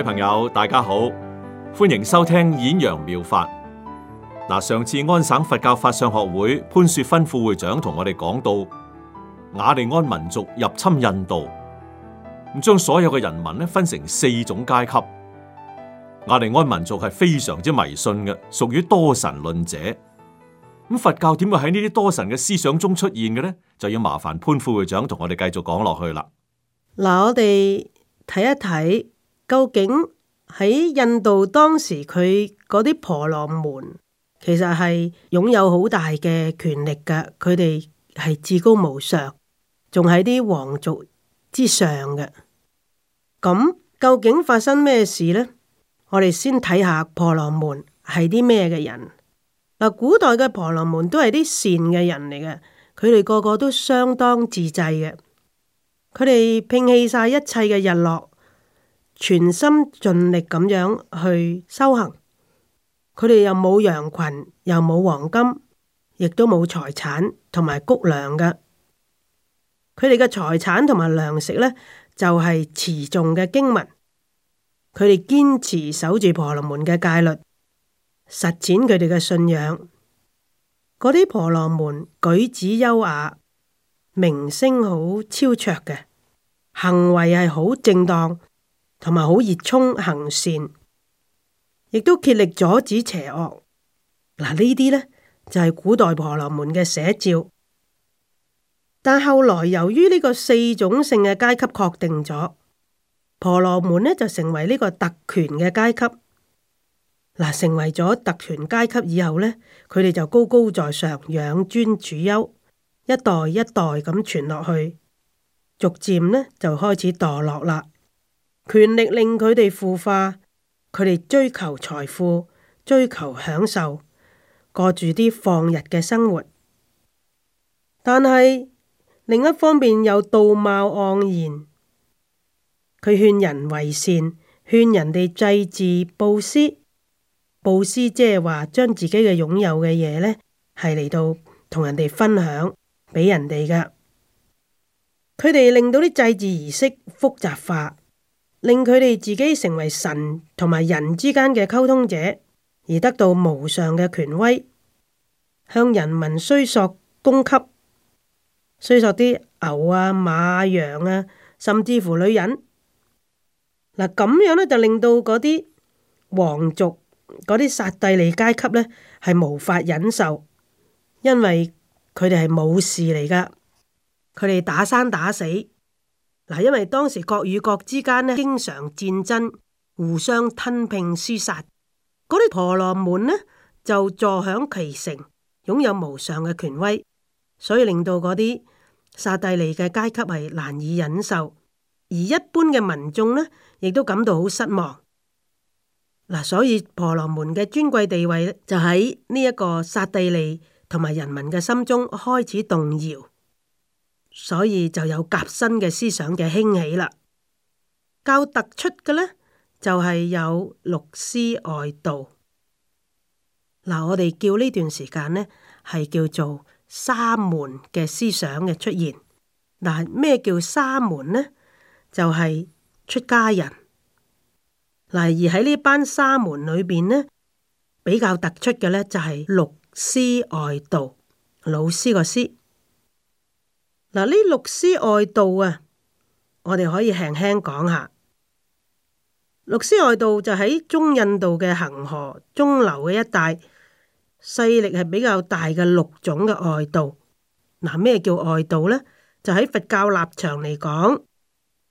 各位朋友大家好，歡迎收聽《演揚妙，妙法》。嗱，上次安省佛教法相學會潘雪芬副會長同我哋講到，雅利安民族入侵印度，咁將所有嘅人民咧分成四種階級。雅利安民族係非常之迷信嘅，屬於多神論者。咁佛教點會喺呢啲多神嘅思想中出現嘅呢？就要麻煩潘副會長同我哋繼續講落去啦。嗱，我哋睇一睇。究竟喺印度當時，佢嗰啲婆羅門其實係擁有好大嘅權力嘅，佢哋係至高無上，仲喺啲皇族之上嘅。咁究竟發生咩事呢？我哋先睇下婆羅門係啲咩嘅人。嗱，古代嘅婆羅門都係啲善嘅人嚟嘅，佢哋個個都相當自制嘅，佢哋摒棄晒一切嘅日落。全心盡力咁樣去修行，佢哋又冇羊群，又冇黃金，亦都冇財產同埋穀糧嘅。佢哋嘅財產同埋糧食呢，就係持重嘅經文。佢哋堅持守住婆羅門嘅戒律，實踐佢哋嘅信仰。嗰啲婆羅門舉止優雅，名聲好超卓嘅，行為係好正當。同埋好熱衷行善，亦都竭力阻止邪惡。嗱，呢啲呢，就係古代婆羅門嘅寫照。但後來由於呢個四種姓嘅階級確定咗，婆羅門呢就成為呢個特權嘅階級。嗱，成為咗特權階級以後呢，佢哋就高高在上，養尊處優，一代一代咁傳落去，逐漸呢，就開始墮落啦。權力令佢哋腐化，佢哋追求財富，追求享受，過住啲放日嘅生活。但係另一方面又道貌岸然，佢勸人為善，勸人哋祭祀布施。布施即係話將自己嘅擁有嘅嘢呢，係嚟到同人哋分享俾人哋㗎。佢哋令到啲祭祀儀式複雜化。令佢哋自己成為神同埋人之間嘅溝通者，而得到無上嘅權威，向人民需索供給，需索啲牛啊、馬啊、羊啊，甚至乎女人。嗱，咁樣呢，就令到嗰啲皇族、嗰啲剎帝利階級呢，係無法忍受，因為佢哋係武士嚟噶，佢哋打生打死。嗱，因為當時國與國之間咧經常戰爭，互相吞併、廝殺，嗰啲婆羅門咧就坐享其成，擁有無上嘅權威，所以令到嗰啲剎帝利嘅階級係難以忍受，而一般嘅民眾咧亦都感到好失望。嗱，所以婆羅門嘅尊貴地位就喺呢一個剎帝利同埋人民嘅心中開始動搖。所以就有革新嘅思想嘅興起啦。較突出嘅呢，就係有六師外道。嗱，我哋叫呢段時間呢，係叫做沙門嘅思想嘅出現。嗱，咩叫沙門呢？就係出家人。嗱，而喺呢班沙門裏邊呢，比較突出嘅呢，就係六師外道，老師個師。嗱，呢六師外道啊，我哋可以輕輕講下。六師外道就喺中印度嘅恒河中流嘅一帶，勢力係比較大嘅六種嘅外道。嗱、啊，咩叫外道呢？就喺佛教立場嚟講，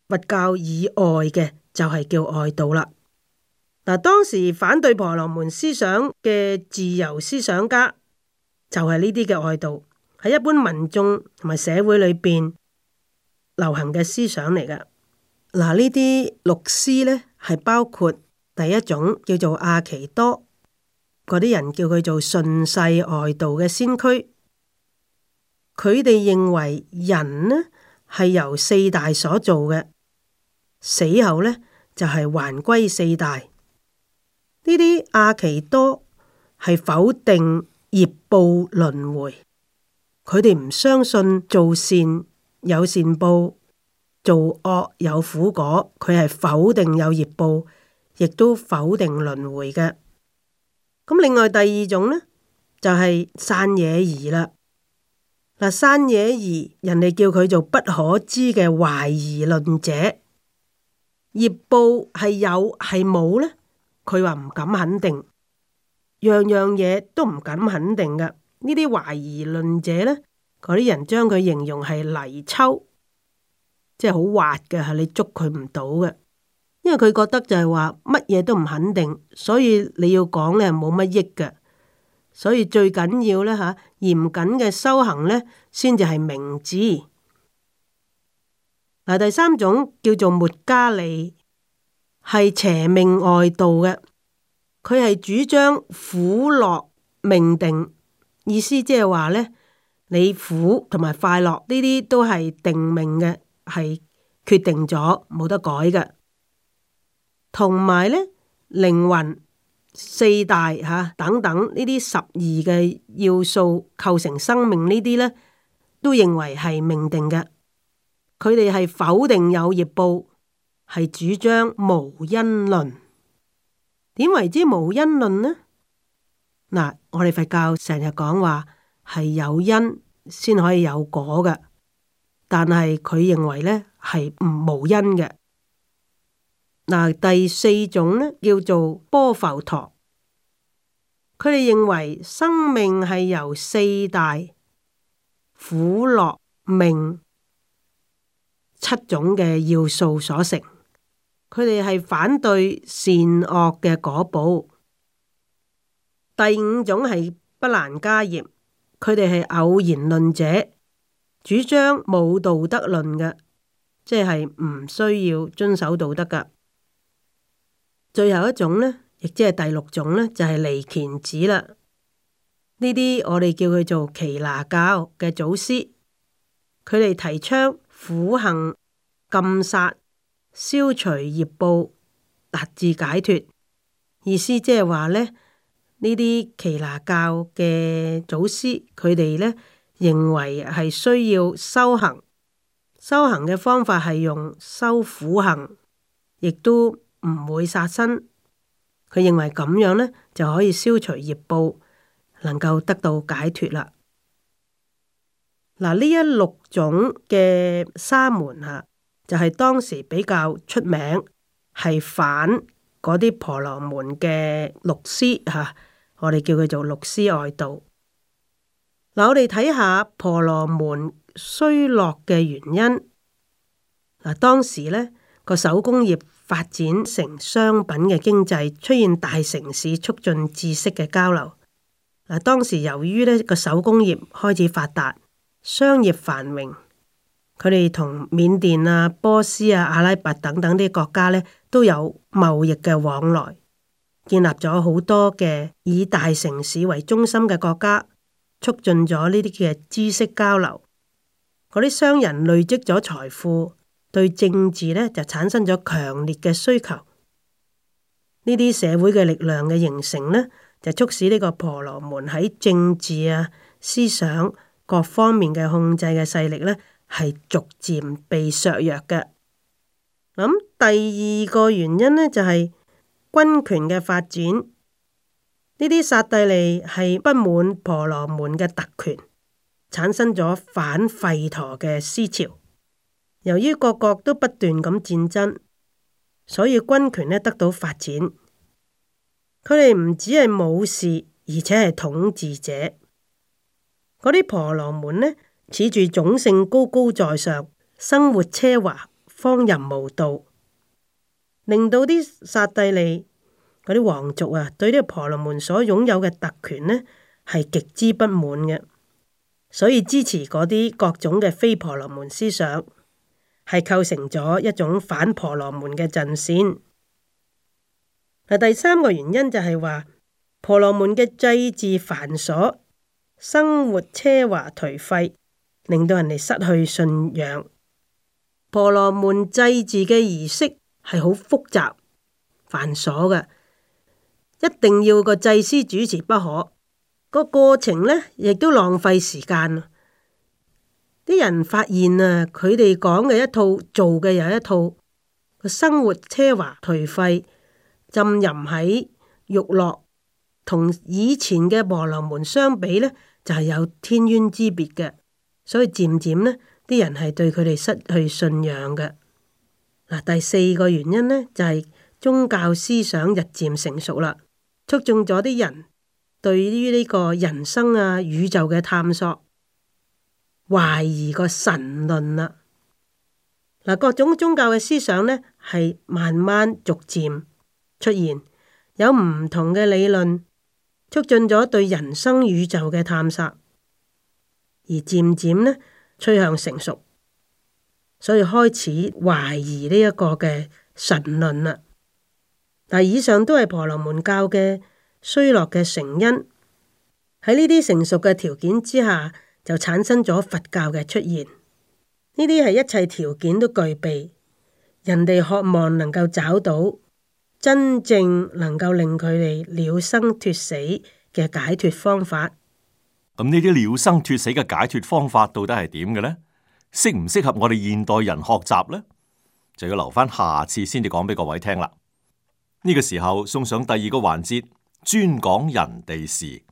佛教以外嘅就係叫外道啦。嗱、啊，當時反對婆羅門思想嘅自由思想家，就係呢啲嘅外道。喺一般民眾同埋社會裏邊流行嘅思想嚟㗎。嗱，呢啲六師呢，係包括第一種叫做阿奇多嗰啲人，叫佢做順世外道嘅先驅。佢哋認為人呢係由四大所做嘅，死後呢就係、是、還歸四大。呢啲阿奇多係否定業報輪迴。佢哋唔相信做善有善報，做惡有苦果。佢係否定有業報，亦都否定輪迴嘅。咁另外第二種呢，就係山野兒啦。嗱，山野兒人哋叫佢做不可知嘅懷疑論者。業報係有係冇呢？佢話唔敢肯定，樣樣嘢都唔敢肯定嘅。呢啲懷疑論者呢，嗰啲人將佢形容係泥鰍，即係好滑嘅，係你捉佢唔到嘅。因為佢覺得就係話乜嘢都唔肯定，所以你要講咧冇乜益嘅。所以最緊要呢，吓、啊，嚴謹嘅修行呢，先至係明智。嗱，第三種叫做末伽梨，係邪命外道嘅。佢係主張苦樂命定。意思即係話呢，你苦同埋快樂呢啲都係定命嘅，係決定咗冇得改嘅。同埋呢，靈魂四大吓、啊、等等呢啲十二嘅要素構成生命呢啲呢，都認為係命定嘅。佢哋係否定有業報，係主張無因論。點為之無因論呢？嗱，我哋佛教成日講話係有因先可以有果㗎，但係佢認為呢係唔無因嘅。嗱，第四種呢叫做波浮陀，佢哋認為生命係由四大苦樂命七種嘅要素所成，佢哋係反對善惡嘅果報。第五種係不蘭迦葉，佢哋係偶然論者，主張冇道德論嘅，即係唔需要遵守道德㗎。最後一種呢，亦即係第六種呢，就係離虔子啦。呢啲我哋叫佢做耆那教嘅祖師，佢哋提倡苦行、禁殺、消除業報、達至解脱。意思即係話呢。呢啲耆那教嘅祖師，佢哋呢認為係需要修行，修行嘅方法係用修苦行，亦都唔會殺生。佢認為咁樣呢就可以消除業報，能夠得到解脱啦。嗱，呢一六種嘅沙門啊，就係當時比較出名，係反嗰啲婆羅門嘅六師嚇。啊我哋叫佢做六師外道。嗱，我哋睇下婆羅門衰落嘅原因。嗱，當時呢個手工業發展成商品嘅經濟，出現大城市，促進知識嘅交流。嗱，當時由於呢個手工業開始發達，商業繁榮，佢哋同緬甸啊、波斯啊、阿拉伯等等啲國家呢都有貿易嘅往來。建立咗好多嘅以大城市為中心嘅國家，促進咗呢啲嘅知識交流。嗰啲商人累積咗財富，對政治咧就產生咗強烈嘅需求。呢啲社會嘅力量嘅形成咧，就促使呢個婆羅門喺政治啊、思想各方面嘅控制嘅勢力咧，係逐漸被削弱嘅。咁第二個原因咧就係，軍權嘅發展，呢啲剎帝利係不滿婆羅門嘅特權，產生咗反吠陀嘅思潮。由於各國都不斷咁戰爭，所以軍權呢得到發展。佢哋唔止係武士，而且係統治者。嗰啲婆羅門呢，恃住種姓高高在上，生活奢華，荒淫無道。令到啲剎帝利嗰啲皇族啊，對呢個婆羅門所擁有嘅特權呢，係極之不滿嘅，所以支持嗰啲各種嘅非婆羅門思想，係構成咗一種反婆羅門嘅陣線。第三個原因就係話婆羅門嘅祭祀繁瑣，生活奢華頹廢，令到人哋失去信仰。婆羅門祭祀嘅儀式，係好複雜繁瑣嘅，一定要個祭司主持不可。個過程呢，亦都浪費時間。啲人發現啊，佢哋講嘅一套，做嘅又一套。個生活奢華頹廢，浸淫喺欲樂，同以前嘅婆羅門相比呢，就係、是、有天淵之別嘅。所以漸漸呢，啲人係對佢哋失去信仰嘅。嗱，第四個原因咧，就係宗教思想日漸成熟啦，促進咗啲人對於呢個人生啊、宇宙嘅探索，懷疑個神論啦。嗱，各種宗教嘅思想咧，係慢慢逐漸出現，有唔同嘅理論，促進咗對人生宇宙嘅探索，而漸漸咧趨向成熟。所以開始懷疑呢一個嘅神論啦。但以上都係婆羅門教嘅衰落嘅成因。喺呢啲成熟嘅條件之下，就產生咗佛教嘅出現。呢啲係一切條件都具備，人哋渴望能夠找到真正能夠令佢哋了生脫死嘅解脫方法。咁呢啲了生脫死嘅解脫方法到底係點嘅呢？適唔適合我哋現代人學習呢？就要留翻下，下次先至講俾各位聽啦。呢、這個時候送上第二個環節，專講人哋事。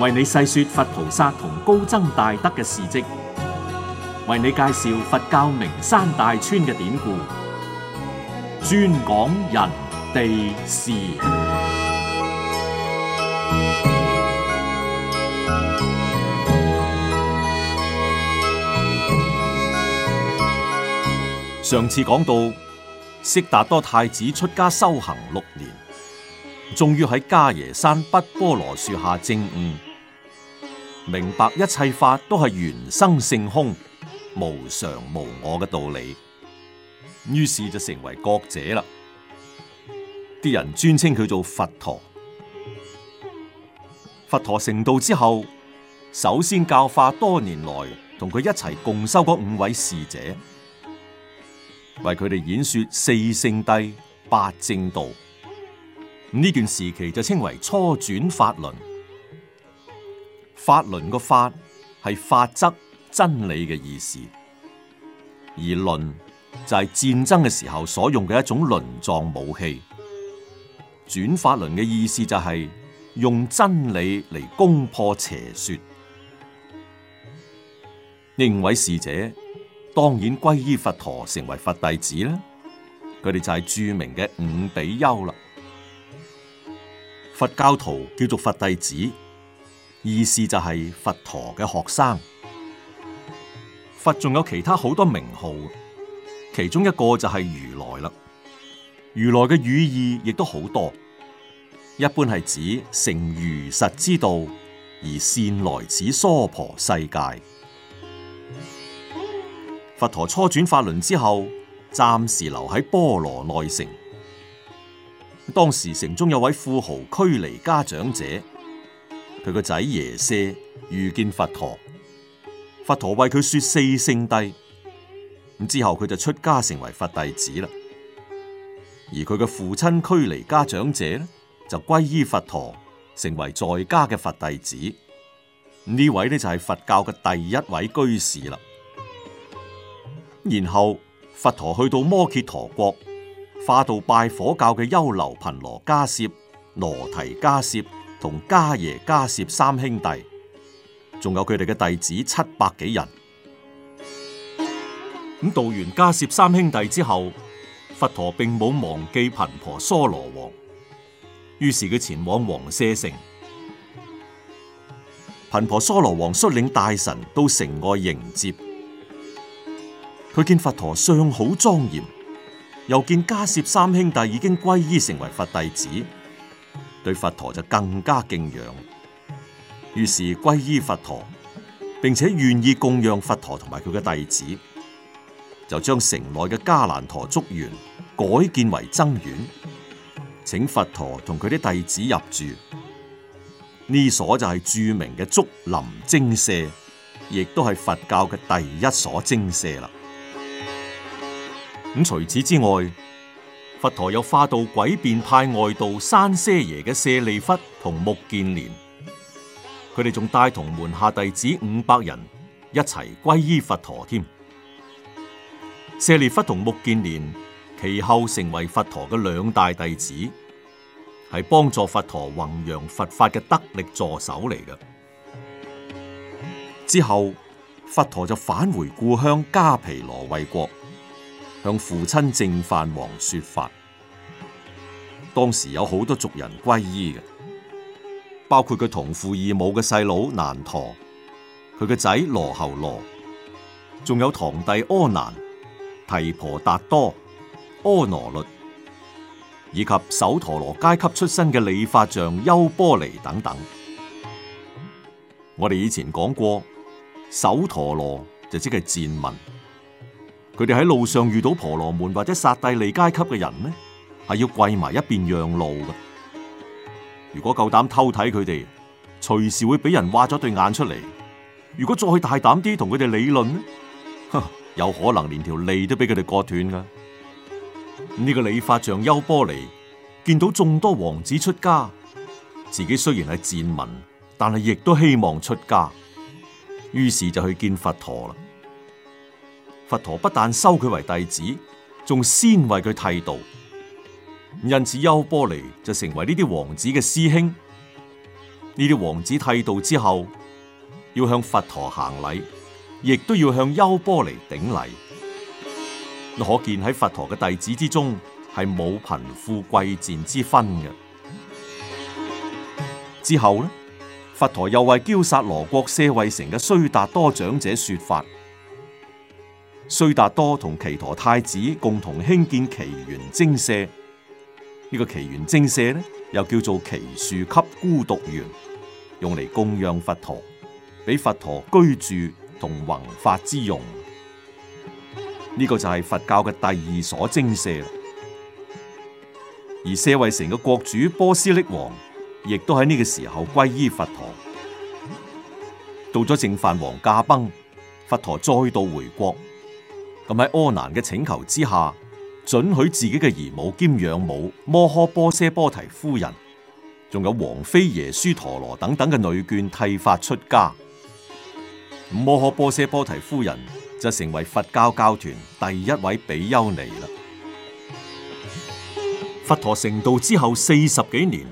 為你細說佛菩薩同高僧大德嘅事跡，為你介紹佛教名山大川嘅典故，專講人地是。上次講到，悉達多太子出家修行六年，終於喺迦耶山畢缽羅樹下證悟，明白一切法都係緣生性空、無常無我嘅道理，於是就成為覺者啦。啲人尊稱佢做佛陀。佛陀成道之後，首先教化多年來同佢一齊共修嗰五位侍者，為佢哋演說四聖諦、八正道。呢段時期就稱為初轉法輪。法輪個法係法則、真理嘅意思，而輪就係戰爭嘅時候所用嘅一種輪狀武器。轉法輪嘅意思就係用真理嚟攻破邪說。呢五位侍者當然歸依佛陀，成為佛弟子啦。佢哋就係著名嘅五比丘啦。佛教徒叫做佛弟子，意思就係佛陀嘅學生。佛仲有其他好多名號，其中一個就係如來啦。如來嘅語義亦都好多，一般係指乘如實之道，而善來此娑婆世界。佛陀初轉法輪之後，暫時留喺波羅奈城。當時城中有位富豪拘離家長者，佢個仔耶舍遇見佛陀，佛陀為佢說四聖諦，咁之後佢就出家成為佛弟子啦。而佢嘅父親拘離家長者呢，就皈依佛陀，成為在家嘅佛弟子。呢位呢，就係佛教嘅第一位居士啦。然後佛陀去到摩揭陀國，化度拜火教嘅優樓頻羅加涉、羅提加涉同迦耶加涉三兄弟，仲有佢哋嘅弟子七百幾人。咁度完加涉三兄弟之後，佛陀並冇忘記頻婆娑羅王，於是佢前往王舍城。頻婆娑羅王率領大臣到城外迎接。佢見佛陀相好莊嚴，又見迦葉三兄弟已經皈依成為佛弟子，對佛陀就更加敬仰。於是皈依佛陀，並且願意供養佛陀同埋佢嘅弟子。就將城內嘅迦蘭陀竹園改建為僧院，請佛陀同佢啲弟子入住。呢所就係著名嘅竹林精舍，亦都係佛教嘅第一所精舍啦。咁除此之外，佛陀又化度詭辯派外道刪闍耶嘅舍利弗同目犍連，佢哋仲帶同門下弟子五百人一齊皈依佛陀添。舍利弗同目犍連其後成為佛陀嘅兩大弟子，係幫助佛陀弘揚佛法嘅得力助手嚟嘅。之後佛陀就返回故鄉迦毗羅衛國，向父親淨飯王說法。當時有好多族人皈依，包括佢同父異母嘅細佬難陀，佢嘅仔羅睺羅，仲有堂弟阿難。提婆達多、阿羅律以及首陀羅階級出身嘅理髮匠、優波尼等等，我哋以前講過，首陀羅就即係賤民，佢哋喺路上遇到婆羅門或者刹帝利階級嘅人呢，係要跪埋一邊讓路嘅。如果夠膽偷睇佢哋，隨時會俾人挖咗對眼出嚟。如果再去大膽啲同佢哋理論呢？有可能連條脷都俾佢哋割斷㗎。咁、這、呢個理髮像優波離見到眾多王子出家，自己雖然係賤民，但係亦都希望出家，於是就去見佛陀啦。佛陀不但收佢為弟子，仲先為佢剃度。因此，優波離就成為呢啲王子嘅師兄。呢啲王子剃度之後，要向佛陀行禮。亦都要向優波離頂禮，可見喺佛陀嘅弟子之中係冇貧富貴賤之分嘅。之後呢，佛陀又為憍薩羅國舍衛城嘅須達多長者說法，須達多同祇陀太子共同興建祇園精舍。呢、這個祇園精舍呢，又叫做祇樹給孤獨園，用嚟供養佛陀，俾佛陀居住，同弘法之用，呢、這個就係佛教嘅第二所精舍。而舍衛城嘅國主波斯匿王，亦都喺呢個時候皈依佛陀。到咗淨飯王駕崩，佛陀再度回國。咁喺阿難嘅請求之下，准許自己嘅姨母兼養母摩訶波闍波提夫人，仲有王妃耶輸陀羅等等嘅女眷剃髮出家。摩訶波舍波提夫人就成為佛教教團第一位比丘尼啦。佛陀成道之後四十幾年，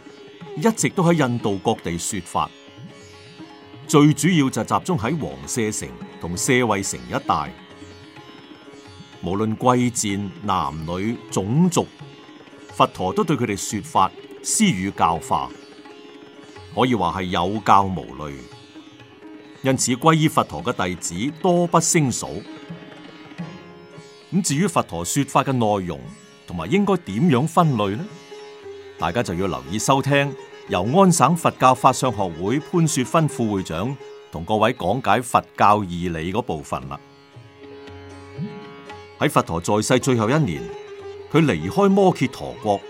一直都喺印度各地說法，最主要就集中喺王舍城同舍衛城一帶。無論貴賤男女種族，佛陀都對佢哋說法、施與教化，可以話係有教無類。因此，皈依佛陀嘅弟子多不勝數。至於佛陀說法嘅內容同埋應該點樣分類呢？大家就要留意收聽由安省佛教法相學會潘雪芬副會長同各位講解佛教義理嗰部分啦。喺佛陀在世最後一年，佢離開摩揭陀國，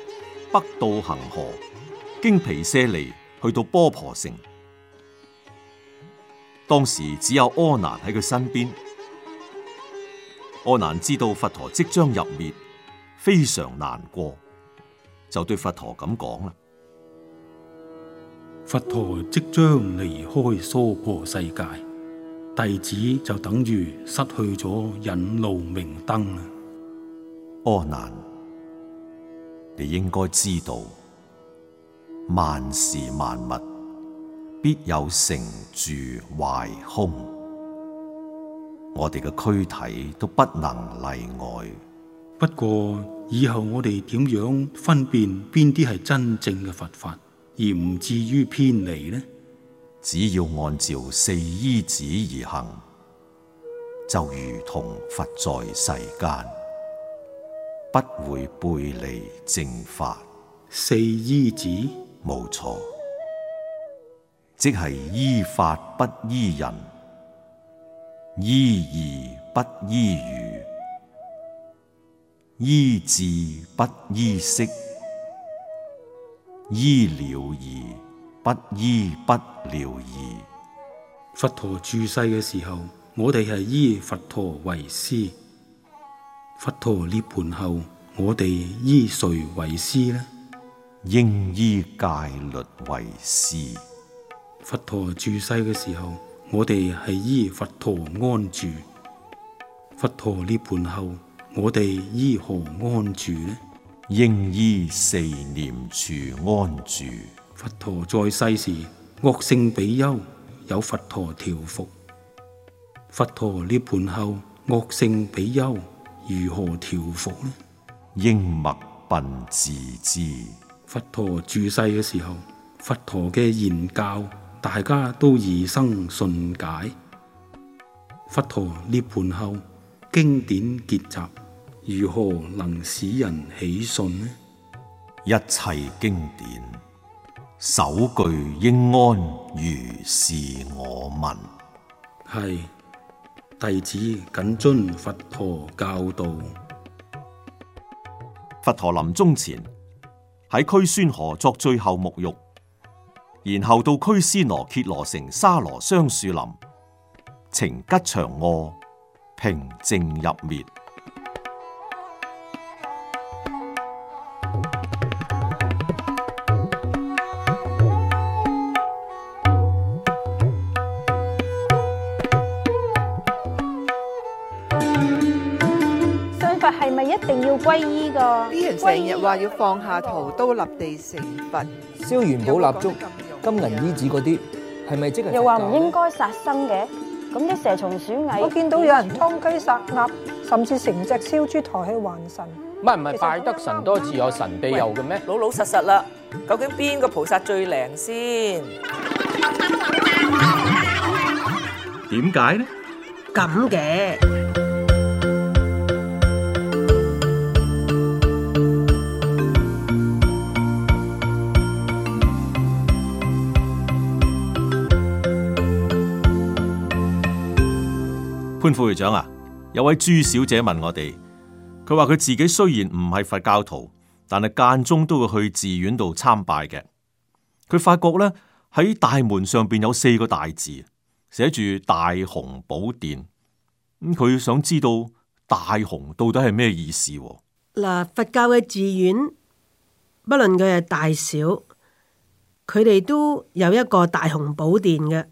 北渡恒河，經毗舍離去到波婆城。當時只有阿難喺佢身邊，阿難知道佛陀即將入滅，非常難過，就對佛陀咁講啦：佛陀即將離開娑婆世界，弟子就等於失去咗引路明燈啦。阿難，你應該知道萬事萬物。必有成住壞空，我哋嘅軀體都不能例外。不過以後我哋點樣分辨邊啲係真正嘅佛法，而唔至於偏離呢？只要按照四依止而行，就如同佛在世間，不會背離正法。四依止？冇錯。即係依法不依人，依義不依語；依智不依識，依了義不依不了義。佛陀住世嘅時候，我哋係依佛陀為師；佛陀涅槃後，我哋依誰為師呢？應依戒律為師。佛陀住世嘅時候，我哋係依佛陀安住。佛陀涅槃後，我哋依何安住呢？應依四念住安住。佛陀在世時，惡性比丘有佛陀調伏。佛陀涅槃後，惡性比丘如何調伏呢？應默擯自知。佛陀住世嘅時候，佛陀嘅言教，大家都易生信解。佛陀涅槃後，經典結集如何能使人起信呢？一切經典首句應安如是我聞：係弟子謹遵佛陀教導。佛陀臨終前喺拘孫河作最後沐浴。然後到拘尸羅、揭羅城、沙羅雙樹林，情吉祥卧，平靜入滅。信佛係咪一定要皈依噶？啲人成日話要放下屠刀立地成佛，燒元寶蠟燭。金銀衣紙嗰啲係咪即係？又話唔應該殺生嘅，咁啲蛇蟲鼠蟻，我見到有人劏雞殺鴨，甚至成隻燒豬抬去還神。唔係唔係，拜得神多自有神庇佑嘅咩？老老實實啦，究竟邊個菩薩最靈先？點解呢？咁嘅。潘副會長啊，有位朱小姐問我哋，佢話佢自己雖然唔係佛教徒，但係，間中都會去寺院度參拜嘅。佢發覺咧，喺大門上邊有四個大字，寫住大雄寶殿。咁佢想知道大雄到底係咩意思？嗱，佛教嘅寺院不論佢係大小，佢哋都有一個大雄寶殿嘅。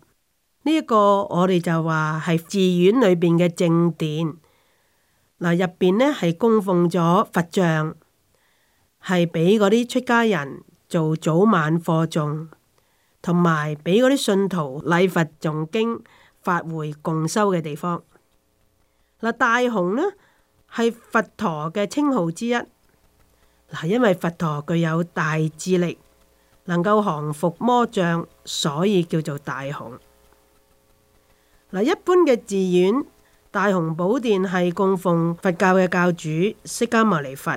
呢一個我哋就話係寺院裏邊嘅正殿。嗱，入邊呢係供奉咗佛像，係俾嗰啲出家人做早晚課誦，同埋俾嗰啲信徒禮佛、誦經、法會共修嘅地方。嗱，大雄呢係佛陀嘅稱號之一嗱，因為佛陀具有大智力，能夠降服魔障，所以叫做大雄。嗱，一般嘅寺院大雄寶殿係供奉佛教嘅教主釋迦牟尼佛，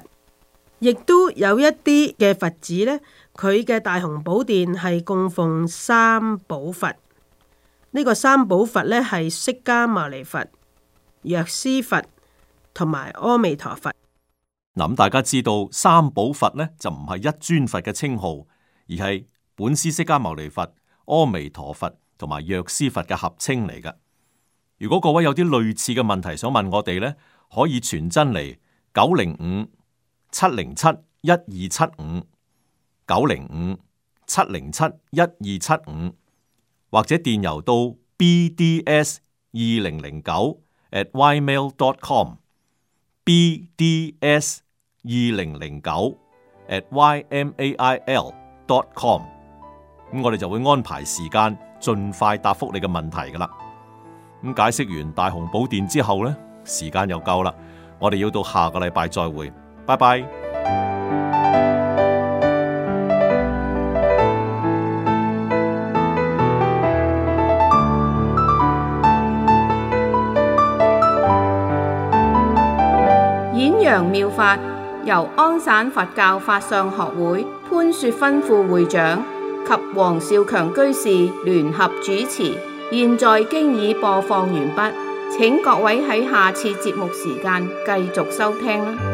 亦都有一啲嘅佛寺呢，佢嘅大雄寶殿係供奉三寶佛。呢個三寶佛呢，係釋迦牟尼佛、藥師佛同埋阿彌陀佛。嗱，咁大家知道三寶佛呢，就唔係一尊佛嘅稱號，而係本師釋迦牟尼佛、阿彌陀佛同埋藥師佛嘅合稱嚟㗎。如果各位有啲類似嘅問題想問我哋咧，可以傳真嚟，九零五七零七一二七五九零五七零七一二七五，75, 75, 或者電郵到 bds 二零零九 at ymail dot com bds 二零零九 at ymail dot com。咁我哋就會安排時間盡快答覆你嘅問題噶啦。咁解釋完大雄寶殿之後呢，時間又夠啦，我哋要到下個禮拜再會，拜拜。演揚妙法由安省佛教法相學會潘雪芬副會長及黃少強居士聯合主持。現在經已播放完畢，請各位喺下次節目時間繼續收聽啦。